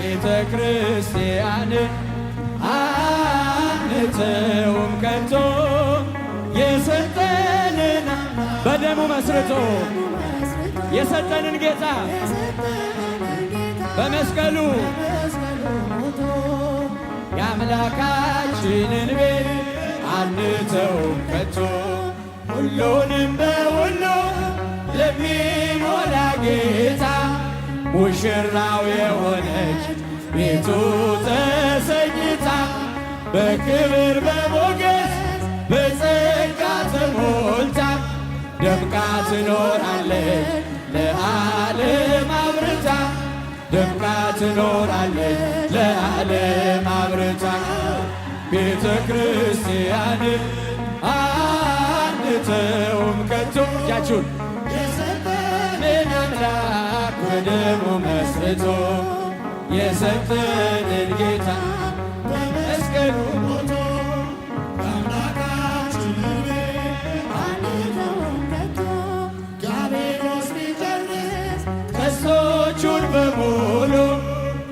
ቤተ ክርስቲያንን አንተውም ከቶ የሰጠንን በደሙ መስርቶ የሰጠንን ጌታ በመስቀሉ የአምላካችንን ቤት አንተውም ከቶ ሁሉንም በሁሉ ለሚሞላ ጌታ ሙሽራው የሆነች ቤቱ ተሰኝታ በክብር በሞገስ በጸጋ ተሞልታ ደምቃ ትኖራለች ለዓለም አብርታ ደምቃ ትኖራለች ለዓለም አብርታ ቤተ ክርስቲያን አንተውም ከቶ እጃችሁን በደሙ መስርቶ የሰጠንን ጌታ በመስቀሉ ሞቶ ቀስቶቹን በሙሉ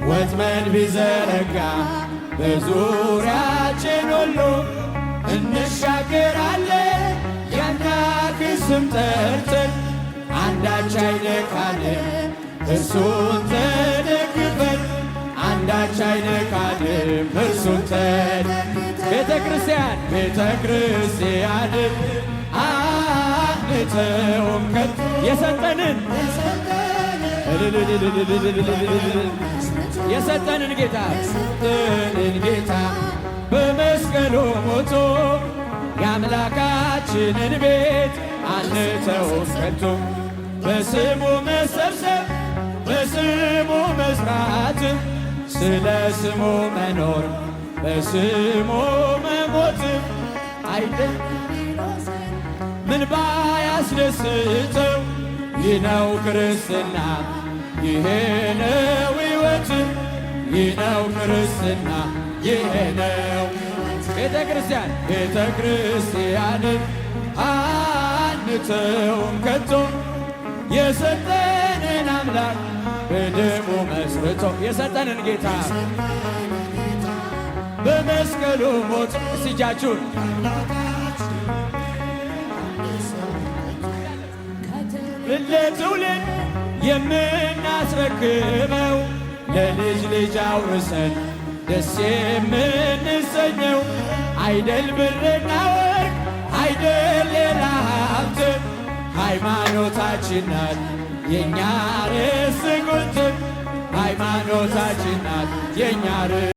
ወጥመድ ቢዘረጋ በዙሪያችን ሁሉ እንሻገራለን ያና ክስም ጠርጥር አንዳች እርሱን ተደግፈን አንዳች አይነካንም። እርሱን ተደ ቤተ ክርስቲያን ቤተ ክርስቲያንን አንተውም ከቶ የሰጠንን የሰጠንን ጌታ ሰጠንን ጌታ በመስቀሉ ሞቶ የአምላካችንን ቤት አንተውም ከቶ በስሙ መሰብሰብ መስራት ስለ ስሙ መኖር በስሙ መሞት አይደ ምን ባያስደስተው ይህ ነው ክርስትና ይሄ ነው ሕይወት ይህ ነው ክርስትና ይሄ ነው ቤተ ክርስቲያን ቤተ አንተውም ከቶ የሰጠንን አምላክ በደሙ አስርቶም የሰጠንን ጌታ በመስቀሉ ሞት ስጃችሁን ለትውልድ የምናስረክበው ለልጅ ልጅ አውርሰን ደስ የምንሰኘው አይደል ብርና ወርቅ አይደል ሌላ ሀብት ሃይማኖታችን ናት የእኛ ርስ ሃይማኖታችን ናት የኛ